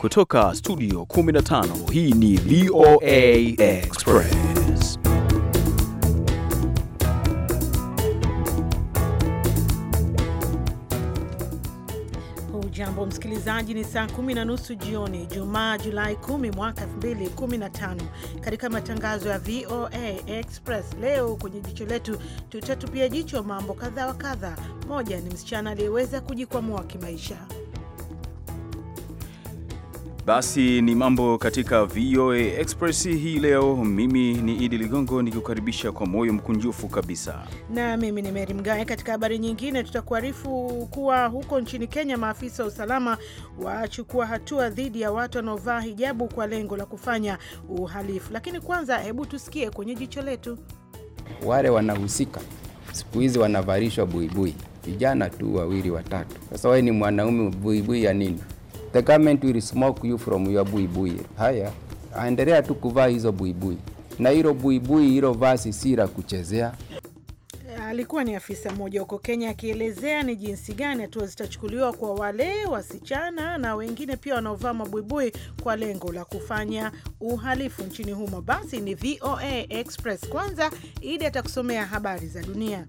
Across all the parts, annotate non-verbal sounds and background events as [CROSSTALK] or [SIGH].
Kutoka studio 15 hii ni VOA Express. Jambo msikilizaji, ni saa kumi na nusu jioni, Jumaa Julai 10 mwaka 2015. Katika matangazo ya VOA Express leo kwenye jicho letu, tutatupia jicho mambo kadha wa kadha. Moja ni msichana aliyeweza kujikwamua kimaisha basi ni mambo katika VOA Express hii leo. Mimi ni Idi Ligongo nikikukaribisha kwa moyo mkunjufu kabisa, na mimi ni Meri Mgawe. Katika habari nyingine, tutakuarifu kuwa huko nchini Kenya maafisa wa usalama wachukua hatua dhidi ya watu wanaovaa hijabu kwa lengo la kufanya uhalifu. Lakini kwanza, hebu tusikie kwenye jicho letu wale wanahusika. Siku hizi wanavarishwa buibui, vijana tu wawili watatu. Sasa wewe ni mwanaume, buibui ya nini? the government will smoke you from your buibui. Haya, aendelea tu kuvaa hizo buibui, na hilo buibui hilo vasi si la kuchezea. Alikuwa ni afisa mmoja huko Kenya akielezea ni jinsi gani hatua zitachukuliwa kwa wale wasichana na wengine pia wanaovaa mabuibui kwa lengo la kufanya uhalifu nchini humo. Basi ni VOA Express. Kwanza Idi atakusomea habari za dunia.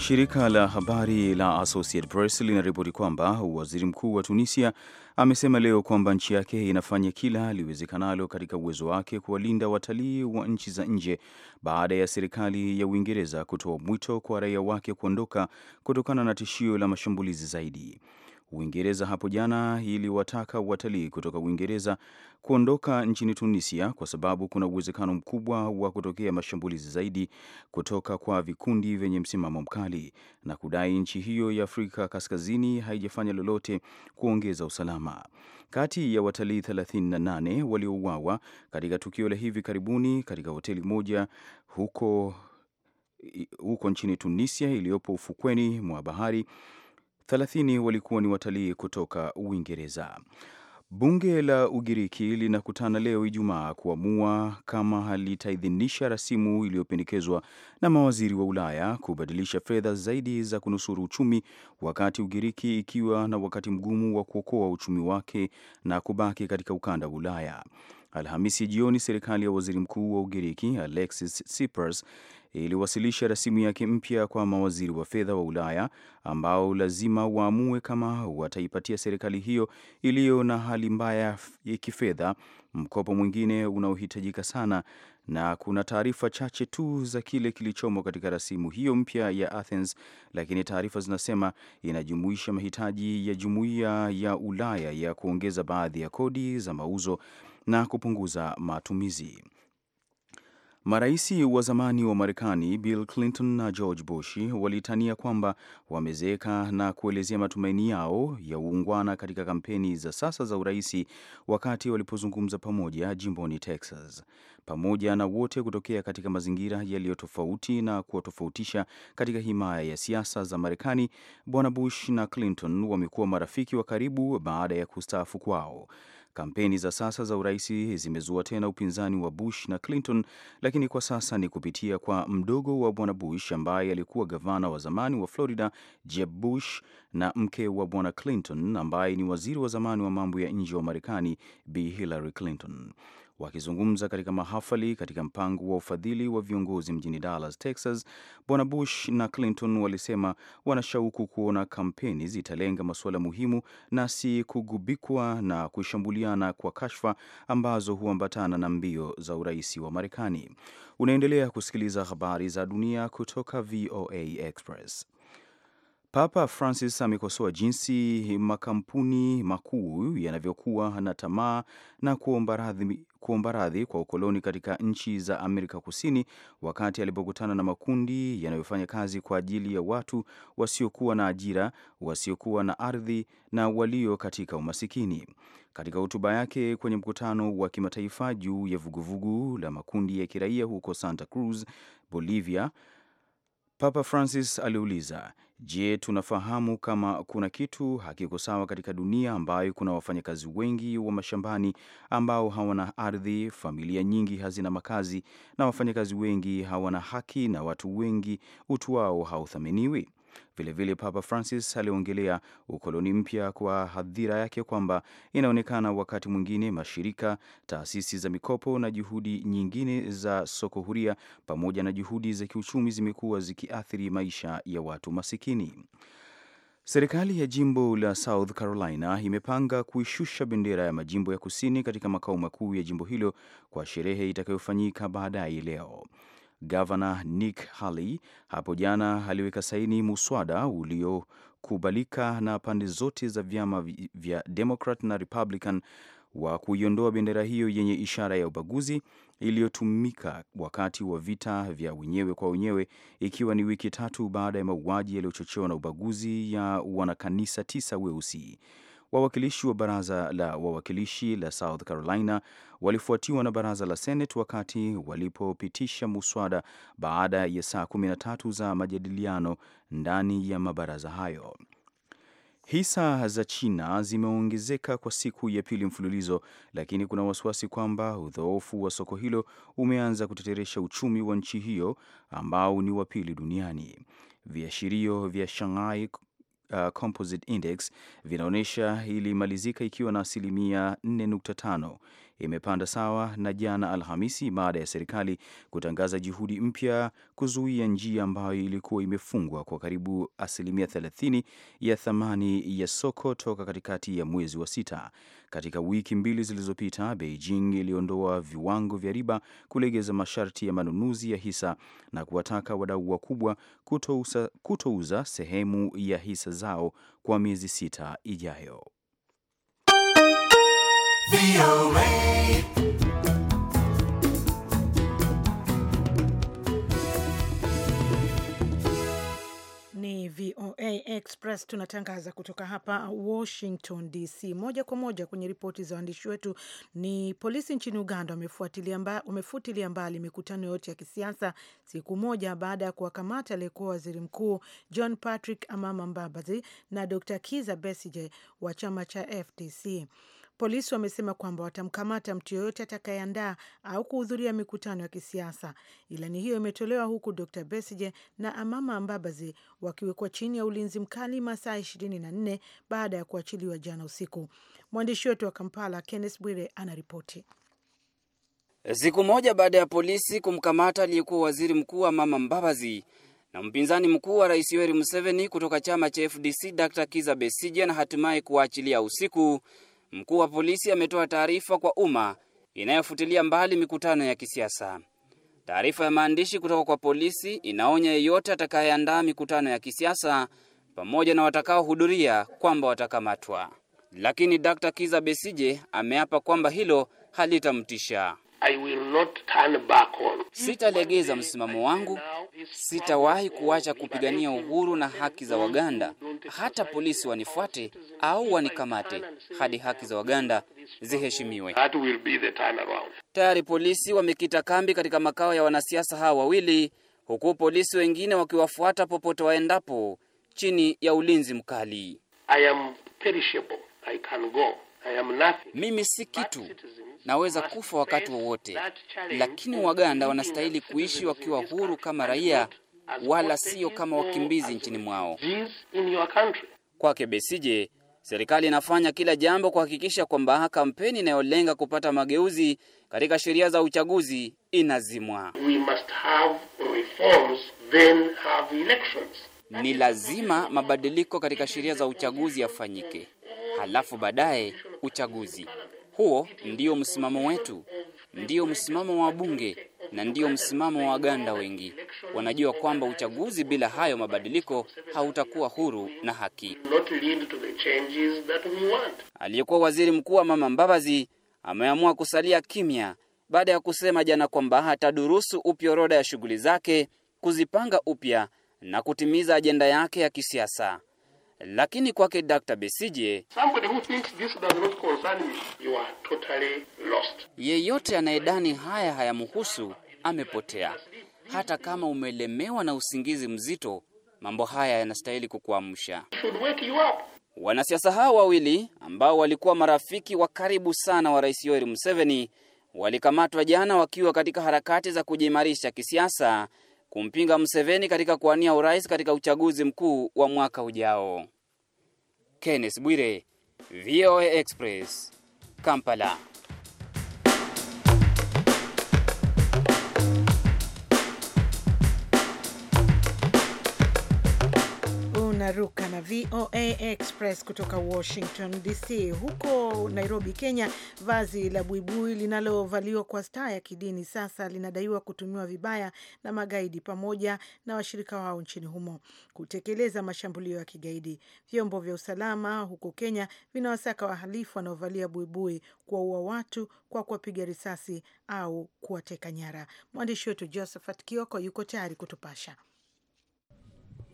Shirika la habari la Associated Press linaripoti kwamba waziri mkuu wa Tunisia amesema leo kwamba nchi yake inafanya kila liwezekanalo katika uwezo wake kuwalinda watalii wa nchi za nje baada ya serikali ya Uingereza kutoa mwito kwa raia wake kuondoka kutokana na tishio la mashambulizi zaidi. Uingereza hapo jana iliwataka watalii kutoka Uingereza kuondoka nchini Tunisia kwa sababu kuna uwezekano mkubwa wa kutokea mashambulizi zaidi kutoka kwa vikundi vyenye msimamo mkali na kudai nchi hiyo ya Afrika Kaskazini haijafanya lolote kuongeza usalama. Kati ya watalii 38 waliouawa katika tukio la hivi karibuni katika hoteli moja huko huko nchini Tunisia iliyopo ufukweni mwa bahari 30 walikuwa ni watalii kutoka Uingereza. Bunge la Ugiriki linakutana leo Ijumaa kuamua kama litaidhinisha rasimu iliyopendekezwa na mawaziri wa Ulaya kubadilisha fedha zaidi za kunusuru uchumi, wakati Ugiriki ikiwa na wakati mgumu wa kuokoa uchumi wake na kubaki katika ukanda wa Ulaya. Alhamisi jioni serikali ya waziri mkuu wa Ugiriki Alexis Tsipras iliwasilisha rasimu yake mpya kwa mawaziri wa fedha wa Ulaya ambao lazima waamue kama wataipatia serikali hiyo iliyo na hali mbaya ya kifedha mkopo mwingine unaohitajika sana, na kuna taarifa chache tu za kile kilichomo katika rasimu hiyo mpya ya Athens, lakini taarifa zinasema inajumuisha mahitaji ya jumuiya ya Ulaya ya kuongeza baadhi ya kodi za mauzo na kupunguza matumizi. Marais wa zamani wa Marekani Bill Clinton na George Bush walitania kwamba wamezeeka na kuelezea matumaini yao ya uungwana katika kampeni za sasa za uraisi wakati walipozungumza pamoja jimboni Texas. Pamoja na wote kutokea katika mazingira yaliyo tofauti na kuwatofautisha katika himaya ya siasa za Marekani, Bwana Bush na Clinton wamekuwa marafiki wa karibu baada ya kustaafu kwao. Kampeni za sasa za urais zimezua tena upinzani wa Bush na Clinton, lakini kwa sasa ni kupitia kwa mdogo wa bwana Bush ambaye alikuwa gavana wa zamani wa Florida, Jeb Bush, na mke wa bwana Clinton ambaye ni waziri wa zamani wa mambo ya nje wa Marekani, Bi Hillary Clinton. Wakizungumza katika mahafali katika mpango wa ufadhili wa viongozi mjini Dallas, Texas, Bwana Bush na Clinton walisema wanashauku kuona kampeni zitalenga masuala muhimu na si kugubikwa na kushambuliana kwa kashfa ambazo huambatana na mbio za urais wa Marekani. Unaendelea kusikiliza habari za dunia kutoka VOA Express. Papa Francis amekosoa jinsi makampuni makuu yanavyokuwa na tamaa na kuomba radhi kuomba radhi kwa ukoloni katika nchi za Amerika Kusini wakati alipokutana na makundi yanayofanya kazi kwa ajili ya watu wasiokuwa na ajira, wasiokuwa na ardhi na walio katika umasikini. Katika hotuba yake kwenye mkutano wa kimataifa juu ya vuguvugu la makundi ya kiraia huko Santa Cruz, Bolivia, Papa Francis aliuliza, je, tunafahamu kama kuna kitu hakiko sawa katika dunia ambayo kuna wafanyakazi wengi wa mashambani ambao hawana ardhi, familia nyingi hazina makazi, na wafanyakazi wengi hawana haki, na watu wengi utu wao hauthaminiwi? Vilevile Papa Francis aliongelea ukoloni mpya kwa hadhira yake kwamba inaonekana wakati mwingine mashirika, taasisi za mikopo na juhudi nyingine za soko huria pamoja na juhudi za kiuchumi zimekuwa zikiathiri maisha ya watu masikini. Serikali ya jimbo la South Carolina imepanga kuishusha bendera ya majimbo ya kusini katika makao makuu ya jimbo hilo kwa sherehe itakayofanyika baadaye leo. Gavana Nick Haley hapo jana aliweka saini muswada uliokubalika na pande zote za vyama vya Democrat na Republican wa kuiondoa bendera hiyo yenye ishara ya ubaguzi iliyotumika wakati wa vita vya wenyewe kwa wenyewe, ikiwa ni wiki tatu baada ya mauaji yaliyochochewa na ubaguzi ya wanakanisa tisa weusi. Wawakilishi wa baraza la wawakilishi la South Carolina walifuatiwa na baraza la Senate wakati walipopitisha muswada baada ya saa tatu za majadiliano ndani ya mabaraza hayo. Hisa za China zimeongezeka kwa siku ya pili mfululizo, lakini kuna wasiwasi kwamba udhoofu wa soko hilo umeanza kuteteresha uchumi wa nchi hiyo ambao ni wa pili duniani. Viashirio vya Shanghai uh, composite index vinaonyesha ilimalizika ikiwa na asilimia 4.5 imepanda sawa na jana Alhamisi baada ya serikali kutangaza juhudi mpya kuzuia njia ambayo ilikuwa imefungwa kwa karibu asilimia 30 ya thamani ya soko toka katikati ya mwezi wa sita. Katika wiki mbili zilizopita, Beijing iliondoa viwango vya riba, kulegeza masharti ya manunuzi ya hisa na kuwataka wadau wakubwa kutouza sehemu ya hisa zao kwa miezi sita ijayo. Ni VOA Express, tunatangaza kutoka hapa Washington DC moja kwa moja. Kwenye ripoti za waandishi wetu, ni polisi nchini Uganda wamefutilia mba, mbali mikutano yote ya kisiasa siku moja baada ya kuwakamata aliyekuwa waziri mkuu John Patrick Amama Mbabazi na Dr Kiza Besige wa chama cha FDC. Polisi wamesema kwamba watamkamata mtu yoyote atakayeandaa au kuhudhuria mikutano ya kisiasa. Ilani hiyo imetolewa huku Dr Besije na Amama Mbabazi wakiwekwa chini ya ulinzi mkali masaa nne baada ya kuachiliwa jana usiku. Mwandishi wetu wa Kampala, Kenneth Bwire, anaripoti. Siku moja baada ya polisi kumkamata aliyekuwa waziri mkuu Amama Mbabazi na mpinzani mkuu wa rais Yoweri Museveni kutoka chama cha FDC Dr Kiza Besije na hatimaye kuwaachilia usiku, Mkuu wa polisi ametoa taarifa kwa umma inayofutilia mbali mikutano ya kisiasa. Taarifa ya maandishi kutoka kwa polisi inaonya yeyote atakayeandaa mikutano ya kisiasa pamoja na watakaohudhuria kwamba watakamatwa. Lakini d Kiza Besije ameapa kwamba hilo halitamtisha. I will not turn back on. Sitalegeza msimamo wangu, sitawahi kuacha kupigania uhuru na haki za Waganda, hata polisi wanifuate au wanikamate, hadi haki za Waganda ziheshimiwe. Tayari polisi wamekita kambi katika makao ya wanasiasa hawa wawili, huku polisi wengine wakiwafuata popote waendapo chini ya ulinzi mkali. I am perishable. I can go. I am nothing. Mimi si kitu naweza kufa wakati wowote, lakini Waganda wanastahili kuishi wakiwa huru kama raia, wala sio kama wakimbizi nchini mwao. Kwake Besije, serikali inafanya kila jambo kuhakikisha kwamba kampeni inayolenga kupata mageuzi katika sheria za uchaguzi inazimwa. We must have reforms, then have elections. Ni lazima mabadiliko katika sheria za uchaguzi yafanyike, halafu baadaye uchaguzi. Huo ndio msimamo wetu, ndio msimamo wa bunge na ndio msimamo wa Waganda wengi. Wanajua kwamba uchaguzi bila hayo mabadiliko hautakuwa huru na haki. Aliyekuwa waziri mkuu wa Mama Mbabazi ameamua kusalia kimya baada ya kusema jana kwamba hatadurusu upya orodha ya shughuli zake, kuzipanga upya na kutimiza ajenda yake ya kisiasa lakini kwake Dr. Besije, totally yeyote anayedani haya hayamhusu amepotea. Hata kama umelemewa na usingizi mzito, mambo haya yanastahili kukuamsha. Wanasiasa hao wawili ambao walikuwa marafiki wa karibu sana wa Rais Yoweri Museveni walikamatwa jana wakiwa katika harakati za kujiimarisha kisiasa kumpinga Museveni katika kuwania urais katika uchaguzi mkuu wa mwaka ujao. Kenneth Bwire, VOA Express, Kampala. ruka na VOA Express kutoka Washington DC. Huko Nairobi, Kenya, vazi la buibui linalovaliwa kwa staa ya kidini sasa linadaiwa kutumiwa vibaya na magaidi pamoja na washirika wao nchini humo kutekeleza mashambulio ya kigaidi. Vyombo vya usalama huko Kenya vinawasaka wahalifu wanaovalia buibui kuwaua watu kwa kuwapiga risasi au kuwateka nyara. Mwandishi wetu Josephat Kioko yuko tayari kutupasha.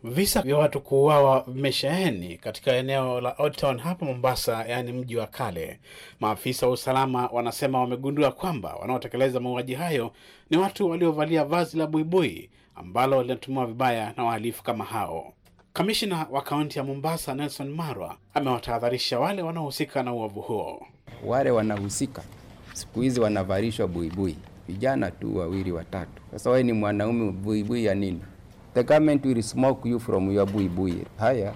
Visa vya watu kuuawa vimesheheni katika eneo la Old Town hapa Mombasa, yaani mji wa kale. Maafisa wa usalama wanasema wamegundua kwamba wanaotekeleza mauaji hayo ni watu waliovalia vazi la buibui ambalo linatumiwa vibaya na wahalifu kama hao. Kamishna wa kaunti ya Mombasa Nelson Marwa amewatahadharisha wale wanaohusika na uovu huo. Wale wanahusika siku hizi wanavalishwa buibui, vijana tu wawili watatu. Sasa wewe ni mwanaume, buibui ya nini? the government will smoke you from your buibui. Haya,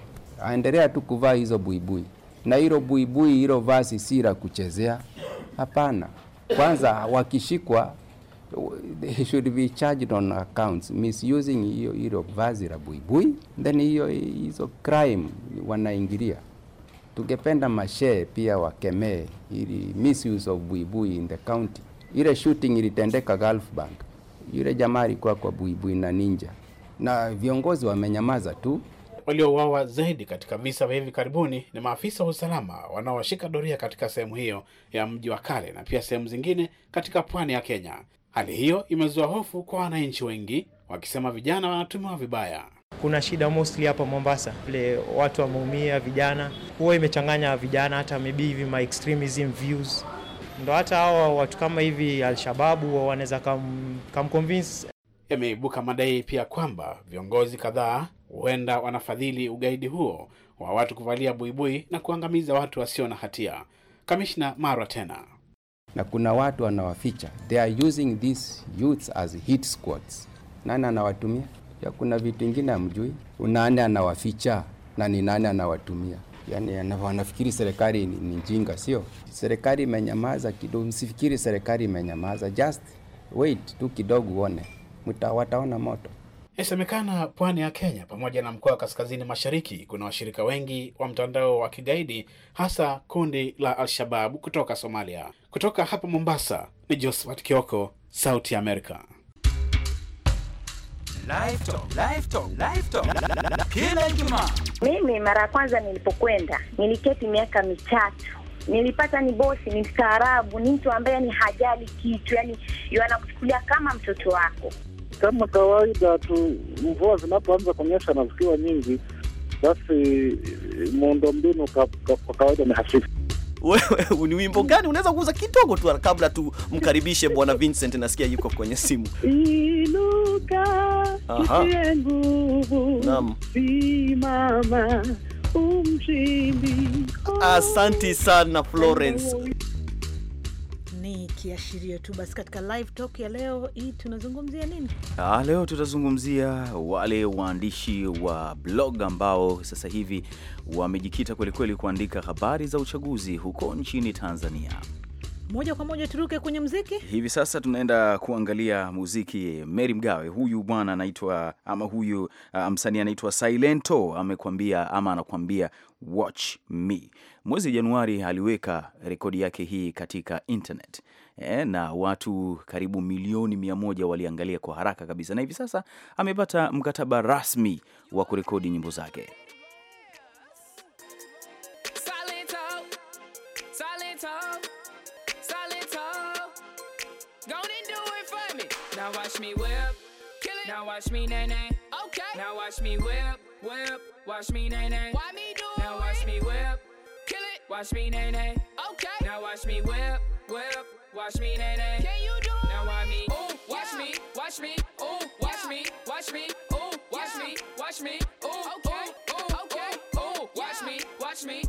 aendelea tu kuvaa hizo buibui, na hilo buibui hilo vazi si la kuchezea, hapana. Kwanza wakishikwa they should be charged on accounts misusing hiyo hilo vazi la buibui, then hiyo hizo crime wanaingilia. Tungependa mashehe pia wakemee ili misuse of buibui in the county. Ile shooting ilitendeka Gulf Bank, yule jamaa alikuwa kwa buibui na ninja na viongozi wamenyamaza tu. Waliouawa zaidi katika visa vya hivi karibuni ni maafisa wa usalama wanaowashika doria katika sehemu hiyo ya mji wa kale na pia sehemu zingine katika pwani ya Kenya. Hali hiyo imezua hofu kwa wananchi wengi, wakisema vijana wanatumiwa vibaya. Kuna shida mostly hapa Mombasa, vile watu wameumia, vijana huwa imechanganya vijana, hata maybe hivi ma extremism views ndo hata hawa watu kama hivi Alshababu wanaweza kamconvince yameibuka madai pia kwamba viongozi kadhaa huenda wanafadhili ugaidi huo wa watu kuvalia buibui na kuangamiza watu wasio na hatia. Kamishna Marwa tena na kuna watu wanawaficha, they are using these youths as hit squads. Nani anawatumia? Ya kuna vitu ingine amjui nani anawaficha na ni nani anawatumia? Yani wanafikiri serikali ni njinga, sio? Serikali imenyamaza kidogo, msifikiri serikali imenyamaza, just wait tu kidogo uone mta, wataona moto. Inasemekana pwani ya Kenya pamoja na mkoa wa kaskazini mashariki kuna washirika wengi wa mtandao wa kigaidi hasa kundi la Al-Shabaab kutoka Somalia. Kutoka hapa Mombasa ni Josephat Kioko, Sauti ya Amerika. Kila mimi mara ya kwanza nilipokwenda niliketi miaka mitatu nilipata ni bosi ni mstaarabu, ni mtu ambaye ni hajali kitu, yani yanakuchukulia kama mtoto wako. Kama kawaida tu, mvua zinapoanza kunyesha na zikiwa nyingi, basi eh, muundombinu kwa kawaida ni hafifu. Wewe ni wimbo gani unaweza kuuza kidogo tu kabla tumkaribishe [LAUGHS] Bwana Vincent? Nasikia yuko kwenye simu. Inuka nguvu, simama umshindi. Asanti sana Florence kiashirio tu. Basi katika live talk ya leo hii tunazungumzia nini? Ah, leo tutazungumzia wale waandishi wa blog ambao sasa hivi wamejikita kwelikweli kuandika habari za uchaguzi huko nchini Tanzania. Moja kwa moja turuke kwenye muziki hivi sasa, tunaenda kuangalia muziki. Mary Mgawe, huyu bwana anaitwa ama huyu uh, msanii anaitwa Silento, amekwambia ama anakuambia watch me. Mwezi Januari aliweka rekodi yake hii katika internet eh, na watu karibu milioni mia moja waliangalia kwa haraka kabisa, na hivi sasa amepata mkataba rasmi wa kurekodi nyimbo zake. Watch me okay. Now watch me whip. watch me, Can you do Now me? Ooh, watch me, watch me, ooh, watch me, watch me, ooh, watch me, watch me, ooh, ooh, ooh, watch me, watch me.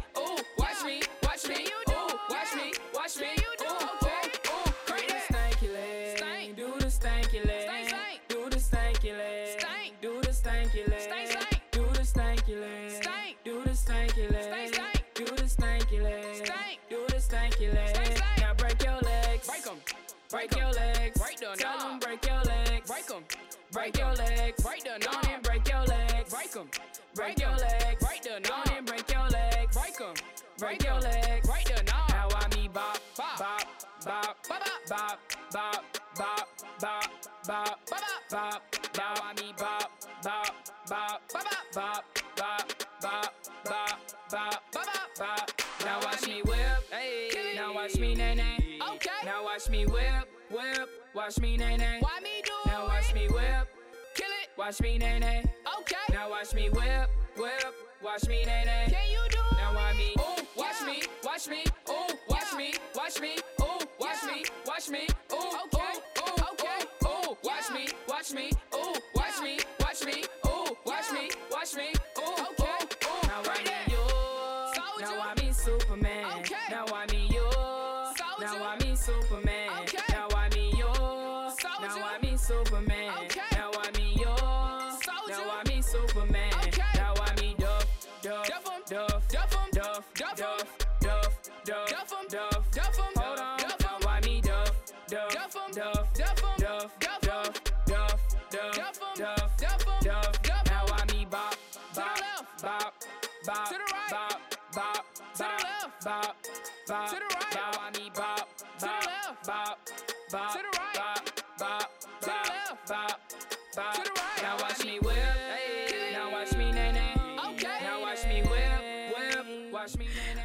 break your legs. Break them. Tell them break your legs. Break them. Break your legs. Break them. On and break your legs. Break them. Break your legs. Break them. On and break your legs. Break them. Break your legs. Break them. Now I me bop, bop, bop, bop, bop, bop, bop, bop, bop, bop, bop, bop. Now I me bop, bop, bop, bop, bop, bop, bop, bop, bop, bop, bop. Now watch me whip. Now watch me nay nay. Okay. Now watch me whip whip. Watch me, nay, nay. Why me do Now watch me whip. Kill it. Watch me, nay, nay. Okay. Now watch me whip, whip. Watch me, nay, nay. Can you do Now why me? Ooh, watch yeah. me, watch me. Ooh, watch yeah. me, watch me. Ooh, watch yeah. me, watch me. Ooh, okay. Ooh, okay. Ooh, watch me, watch me. Ooh, watch me, watch me. Ooh, watch me, watch me.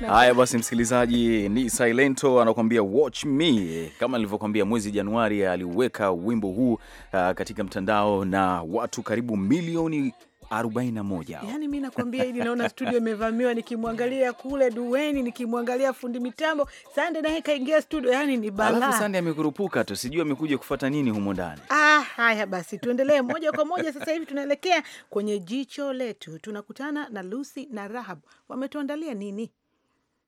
Haya basi, msikilizaji, ni Silento anakuambia watch me. Kama nilivyokuambia, mwezi Januari aliweka wimbo huu uh, katika mtandao na watu karibu milioni 41. Yani mi nakwambia hili naona studio imevamiwa, nikimwangalia kule Duweni, nikimwangalia fundi mitambo Sande naye kaingia studio, yani ni balaa. Alafu Sande amekurupuka tu, sijui amekuja kufata nini humo ndani. Ah, haya basi tuendelee moja kwa moja sasa hivi tunaelekea kwenye jicho letu, tunakutana na Lucy na Rahab, wametuandalia nini?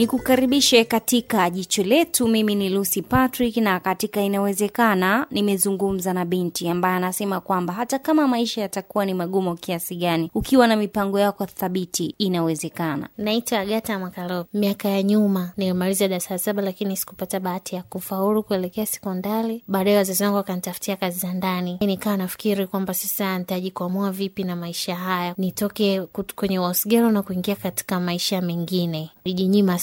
ni kukaribishe katika jicho letu. Mimi ni Lucy Patrick, na katika inawezekana nimezungumza na binti ambaye anasema kwamba hata kama maisha yatakuwa ni magumu kiasi gani, ukiwa na mipango yako thabiti inawezekana. Naitwa Agata Makalobi. Miaka ya nyuma nilimaliza darasa saba, lakini sikupata bahati ya kufaulu kuelekea sekondari. Baadaye wazazi wangu wakanitafutia kazi za ndani, nikawa nafikiri kwamba sasa nitajikwamua vipi na maisha haya, nitoke kwenye wasgero na kuingia katika maisha mengine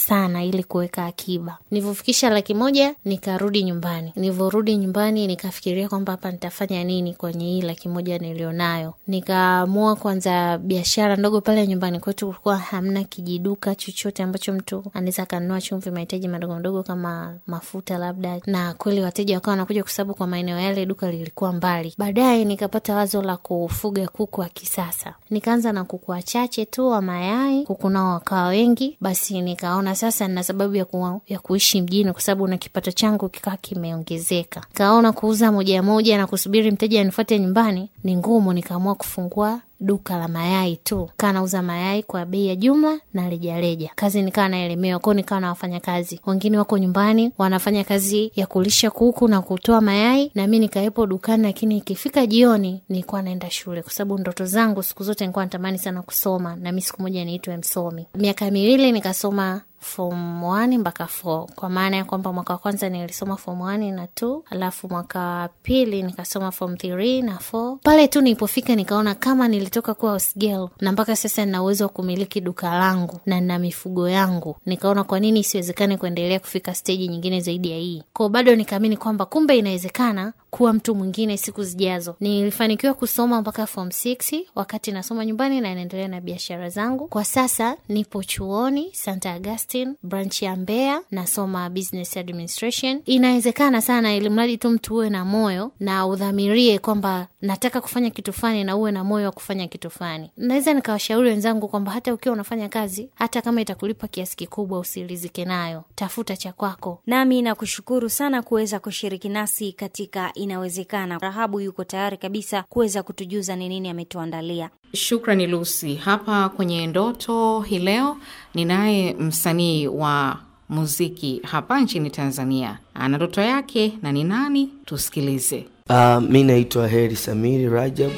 sana ili kuweka akiba. Nilivyofikisha laki moja nikarudi nyumbani. Nilivyorudi nyumbani nikafikiria kwamba hapa nitafanya nini kwenye hii laki moja nilionayo. Nikaamua kwanza biashara ndogo pale nyumbani kwetu, kulikuwa hamna kijiduka chochote ambacho mtu anaweza akanunua chumvi, mahitaji madogo madogo kama mafuta labda, na kweli wateja wakawa wanakuja, kwa sababu kwa maeneo yale duka lilikuwa mbali. Baadaye nikapata wazo la kufuga kuku wa kisasa, nikaanza na kuku wachache tu wa mayai, kuku nao wakawa wengi, basi nikaona sasa na sababu ya, ku, ya kuishi mjini kwa sababu na kipato changu kikaa kimeongezeka. Kaona kuuza moja moja na kusubiri mteja anifuate nyumbani ni ngumu, nikaamua kufungua duka la mayai tu, kaa nauza mayai kwa bei ya jumla na rejareja. Kazi nikawa naelemewa kwao, nikawa na kazi wengine wako nyumbani wanafanya kazi ya kulisha kuku na kutoa mayai, na mi nikawepo dukani, lakini ikifika jioni nilikuwa naenda shule, kwa sababu ndoto zangu siku zote nilikuwa natamani sana kusoma, na mi siku moja niitwe msomi. Miaka miwili nikasoma form 1 mpaka f kwa maana ya kwamba mwaka wa kwanza nilisoma form 1 na t alafu mwaka wa pili nikasoma form th na f Pale tu nilipofika nikaona kama nilitoka kuwa house girl na mpaka sasa nina uwezo wa kumiliki duka langu na nina mifugo yangu, nikaona kwa nini isiwezekane kuendelea kufika steji nyingine zaidi ya hii. kwao bado nikaamini kwamba kumbe inawezekana kuwa mtu mwingine siku zijazo. Nilifanikiwa kusoma mpaka form 6 wakati nasoma nyumbani na naendelea na biashara zangu. Kwa sasa nipo chuoni Santa Agasta Augustine branch ya Mbeya, nasoma business administration. Inawezekana sana, ili mradi tu mtu uwe na moyo na udhamirie kwamba nataka kufanya kitu fulani na uwe na moyo wa kufanya kitu fulani. Naweza nikawashauri wenzangu kwamba hata ukiwa unafanya kazi, hata kama itakulipa kiasi kikubwa, usirizike nayo, tafuta cha kwako. Nami nakushukuru sana kuweza kushiriki nasi katika inawezekana. Rahabu yuko tayari kabisa kuweza kutujuza ni nini ametuandalia. Shukrani Lucy. Hapa kwenye ndoto hii leo ninaye msanii wa muziki hapa nchini Tanzania, ana ndoto yake na ni nani? Tusikilize. Uh, mi naitwa Heri Samiri Rajab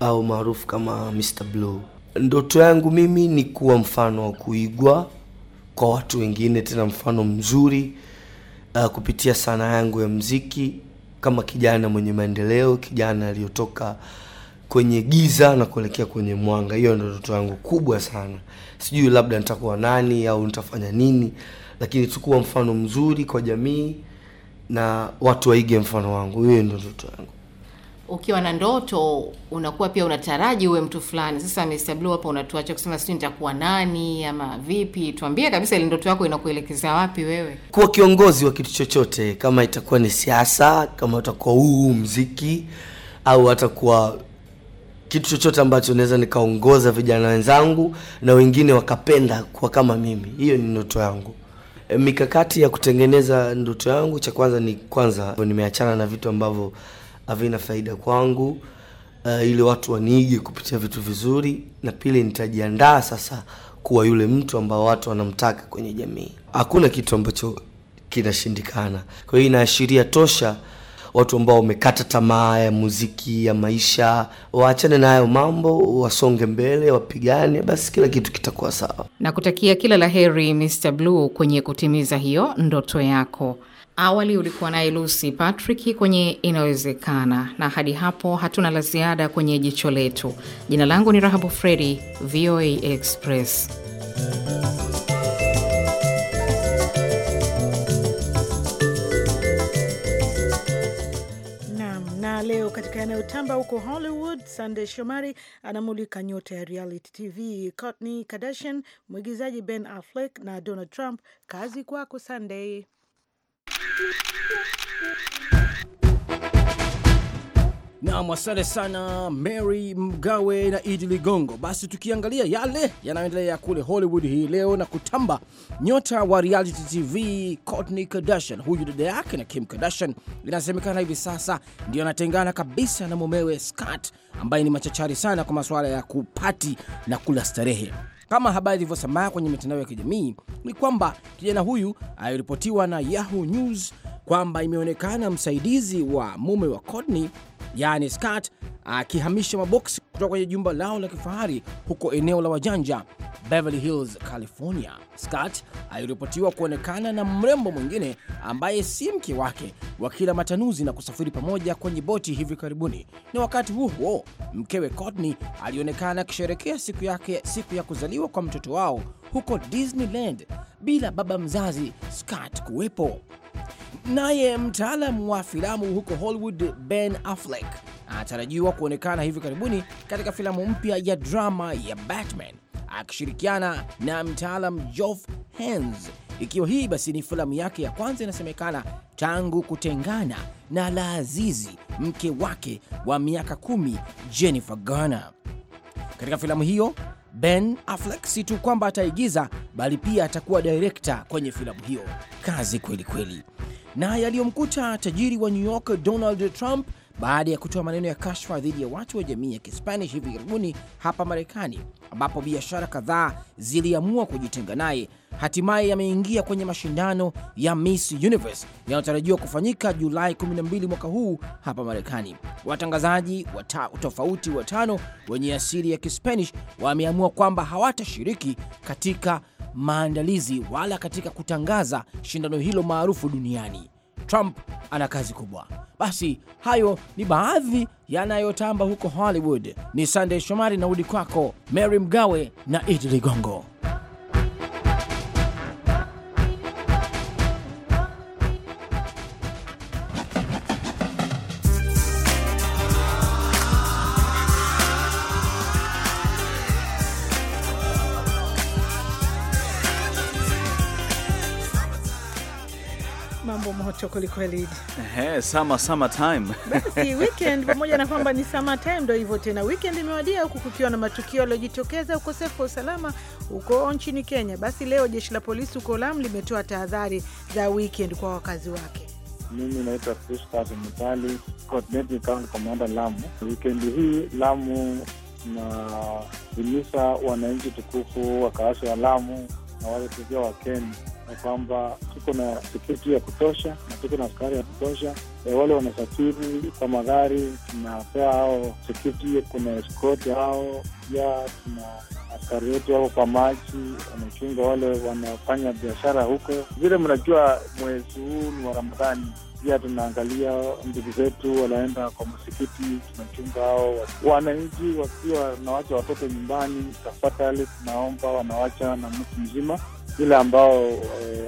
au maarufu kama Mr Blue. Ndoto yangu mimi ni kuwa mfano wa kuigwa kwa watu wengine, tena mfano mzuri uh, kupitia sanaa yangu ya mziki kama kijana mwenye maendeleo, kijana aliyotoka kwenye giza na kuelekea kwenye mwanga. Hiyo ndo ndoto yangu kubwa sana. Sijui labda nitakuwa nani au nitafanya nini, lakini tukuwa mfano mzuri kwa jamii na watu waige mfano wangu. Hiyo ndo ndoto yangu. Ukiwa na ndoto unakuwa pia unataraji uwe mtu fulani. Sasa Mr. Blue hapa unatuacha kusema sijui nitakuwa nani ama vipi? Tuambie kabisa ile ndoto yako inakuelekeza wapi wewe? Kuwa kiongozi wa kitu chochote, kama itakuwa ni siasa, kama utakuwa huu mziki au hata kuwa kitu chochote ambacho naweza nikaongoza vijana wenzangu na wengine wakapenda kuwa kama mimi, hiyo ni ndoto yangu. E, mikakati ya kutengeneza ndoto yangu, cha kwanza ni kwanza nimeachana na vitu ambavyo havina faida kwangu, e, ili watu waniige kupitia vitu vizuri, na pili nitajiandaa sasa kuwa yule mtu ambao watu wanamtaka kwenye jamii. Hakuna kitu ambacho kinashindikana, kwa hiyo inaashiria tosha watu ambao wamekata tamaa ya muziki ya maisha, waachane na hayo mambo, wasonge mbele, wapigane, basi kila kitu kitakuwa sawa. Na kutakia kila la heri Mr Blue kwenye kutimiza hiyo ndoto yako. Awali ulikuwa naye Lucy Patrick kwenye Inawezekana, na hadi hapo hatuna la ziada kwenye jicho letu. Jina langu ni Rahabu Fredi, VOA Express. leo katika yanayotamba huko Hollywood, Sandey Shomari anamulika nyota ya reality TV Kourtney Kardashian, mwigizaji Ben Affleck na Donald Trump. Kazi kwako Sandey. Nam, asante sana Mary Mgawe na Idi Ligongo. Basi tukiangalia yale yanayoendelea kule Hollywood hii leo na kutamba, nyota wa reality TV Kourtney Kardashian, huyu dada yake na Kim Kardashian, inasemekana hivi sasa ndio anatengana kabisa na mumewe Scott, ambaye ni machachari sana kwa masuala ya kupati na kula starehe. Kama habari ilivyosambaa kwenye mitandao ya kijamii ni kwamba kijana huyu aliripotiwa na Yahoo News kwamba imeonekana msaidizi wa mume wa Kourtney yaani Scott akihamisha maboksi kutoka kwenye jumba lao la kifahari huko eneo la wajanja Beverly Hills, California. Scott aliripotiwa kuonekana na mrembo mwingine ambaye si mke wake wakila matanuzi na kusafiri pamoja kwenye boti hivi karibuni, na wakati huo huo mkewe Courtney alionekana akisherekea siku yake, siku ya kuzaliwa kwa mtoto wao huko Disneyland bila baba mzazi Scott kuwepo. Naye mtaalamu wa filamu huko Hollywood Ben Affleck anatarajiwa kuonekana hivi karibuni katika filamu mpya ya drama ya Batman akishirikiana na mtaalam Geoff Hens, ikiwa hii basi ni filamu yake ya kwanza inasemekana tangu kutengana na Laazizi, mke wake wa miaka kumi Jennifer Garner. Katika filamu hiyo Ben Affleck si tu kwamba ataigiza bali pia atakuwa direkta kwenye filamu hiyo. Kazi kweli kweli. Na yaliyomkuta tajiri wa New York Donald Trump baada ya kutoa maneno ya kashfa dhidi ya watu wa jamii ya Kispanish hivi karibuni hapa Marekani, ambapo biashara kadhaa ziliamua kujitenga naye. Hatimaye yameingia kwenye mashindano ya Miss Universe yanayotarajiwa kufanyika Julai 12 mwaka huu hapa Marekani. Watangazaji wata, tofauti watano wenye asili ya Kispanish wameamua kwamba hawatashiriki katika maandalizi wala katika kutangaza shindano hilo maarufu duniani. Trump ana kazi kubwa. Basi hayo ni baadhi yanayotamba huko Hollywood. Ni Sunday Shomari, narudi kwako Mary Mgawe na Idi Ligongo. moto kwelikweli. Summer, summer time. Basi [LAUGHS] weekend pamoja na kwamba ni summer time, ndo hivyo tena, weekend imewadia huku kukiwa na matukio yaliyojitokeza ukosefu wa usalama huko nchini Kenya. Basi leo jeshi la polisi huko Lamu limetoa tahadhari za weekend kwa wakazi wake. Mimi naitwa Crispas Mutali, coordinating county commander Lamu. Weekend hii Lamu inaadhimisha wananchi tukufu, wakaazi wa Lamu na wale wa Kenya na kwamba tuko na sekuriti ya kutosha na tuko na askari ya kutosha. E, wale wanasafiri kwa magari tunapea hao security, kuna escort hao, pia tuna askari wetu wako kwa maji wanachunga wale wanafanya biashara huko. Vile mnajua mwezi huu ni wa Ramadhani, pia tunaangalia ndugu zetu wanaenda kwa msikiti, tunachunga hao wananchi wakiwa nawacha watoto nyumbani. Tafadhali tunaomba wanawacha na mtu mzima ile ambao eh,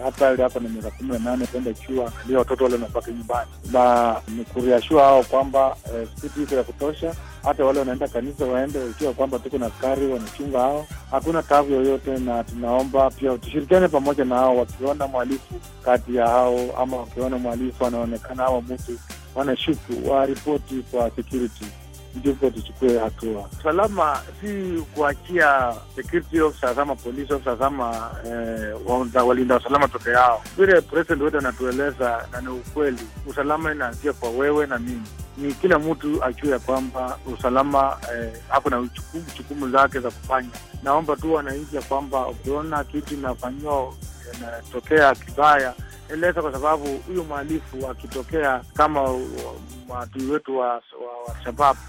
hata ile hapa na miaka kumi na nane kwenda chuo, angalia watoto wale wanabaki nyumbani, na ni kuriashua hao kwamba eh, spidi hizo ya kutosha. Hata wale wanaenda kanisa waende ikiwa kwamba tuko na askari wanachunga hao, hakuna tabu yoyote, na tunaomba pia tushirikiane pamoja na hao. Wakiona mhalifu kati ya hao ama wakiona mhalifu anaonekana hao mtu wanashuku waripoti kwa security ndipo tuchukue hatua. usalama si kuachia security officers ama police officers ama eh, walinda usalama toke yao. Vile president wetu anatueleza na ni ukweli, usalama inaanzia kwa wewe na mimi ni kila mtu ajue ya kwamba usalama eh, ako na jukumu zake za kufanya. Naomba tu wananchi ya kwamba ukiona kitu inafanyiwa inatokea kibaya, eleza, kwa sababu huyu mhalifu akitokea kama maadui wetu wa, wa, wa Shababu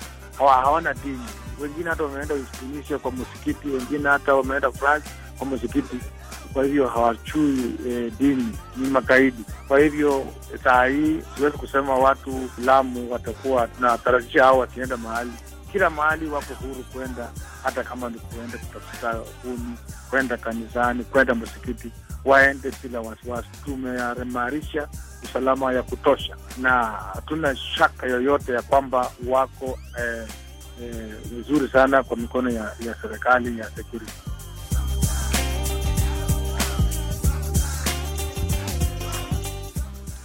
Oh, hawana dini, wengine hata wameenda Tunisia kwa msikiti, wengine hata wameenda France kwa msikiti. Kwa hivyo hawachui e, dini, ni makaidi. Kwa hivyo saa hii siwezi kusema watu Lamu watakuwa na tarajia au wakienda mahali kila mahali wako huru kwenda, hata kama ni kuenda kutafuta kumi, kwenda kanisani, kwenda msikiti waende bila wasiwasi. Tumeimarisha usalama ya kutosha, na hatuna shaka yoyote ya kwamba wako vizuri eh, eh, sana kwa mikono ya, ya serikali ya security.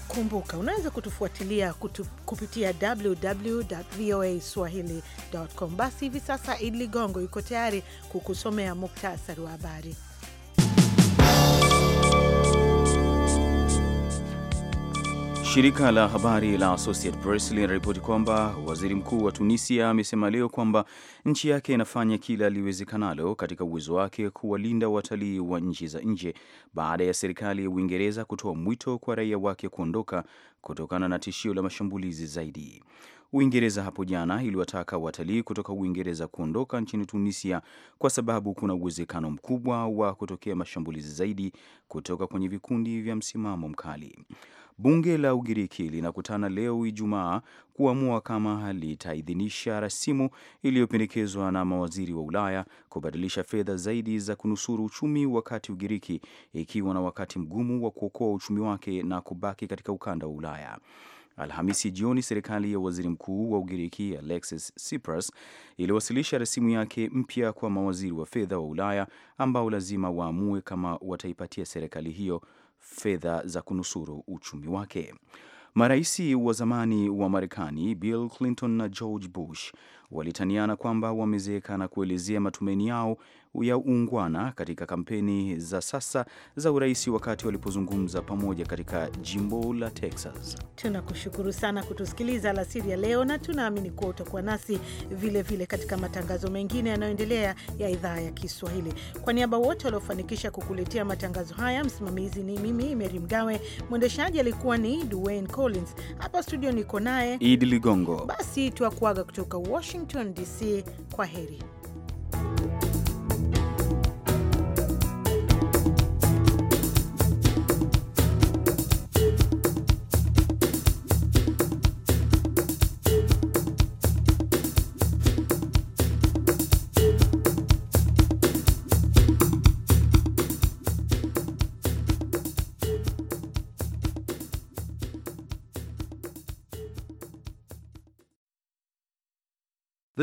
Kumbuka, unaweza kutufuatilia kutu, kupitia www.voaswahili.com. Basi hivi sasa Idi Ligongo yuko tayari kukusomea muktasari wa habari. Shirika la habari la Associated Press linaripoti kwamba waziri mkuu wa Tunisia amesema leo kwamba nchi yake inafanya kila liwezekanalo katika uwezo wake kuwalinda watalii wa nchi za nje baada ya serikali ya Uingereza kutoa mwito kwa raia wake kuondoka kutokana na tishio la mashambulizi zaidi. Uingereza hapo jana iliwataka watalii kutoka Uingereza kuondoka nchini Tunisia kwa sababu kuna uwezekano mkubwa wa kutokea mashambulizi zaidi kutoka kwenye vikundi vya msimamo mkali. Bunge la Ugiriki linakutana leo Ijumaa kuamua kama litaidhinisha rasimu iliyopendekezwa na mawaziri wa Ulaya kubadilisha fedha zaidi za kunusuru uchumi, wakati Ugiriki ikiwa na wakati mgumu wa kuokoa uchumi wake na kubaki katika ukanda wa Ulaya. Alhamisi jioni serikali ya waziri mkuu wa Ugiriki Alexis Tsipras iliwasilisha rasimu yake mpya kwa mawaziri wa fedha wa Ulaya ambao lazima waamue kama wataipatia serikali hiyo fedha za kunusuru uchumi wake. Marais wa zamani wa Marekani Bill Clinton na George Bush walitaniana kwamba wamezeeka na kuelezea matumaini yao ya uungwana katika kampeni za sasa za urais wakati walipozungumza pamoja katika jimbo la Texas. Tunakushukuru sana kutusikiliza alasiri ya leo, na tunaamini kuwa utakuwa nasi vilevile vile katika matangazo mengine yanayoendelea ya idhaa ya Kiswahili. Kwa niaba wote waliofanikisha kukuletea matangazo haya, msimamizi ni mimi Meri Mgawe, mwendeshaji alikuwa ni Dwayne Collins, hapa studio niko naye Idi Ligongo. Basi twakuaga kutoka Washington Washington DC. Kwa heri.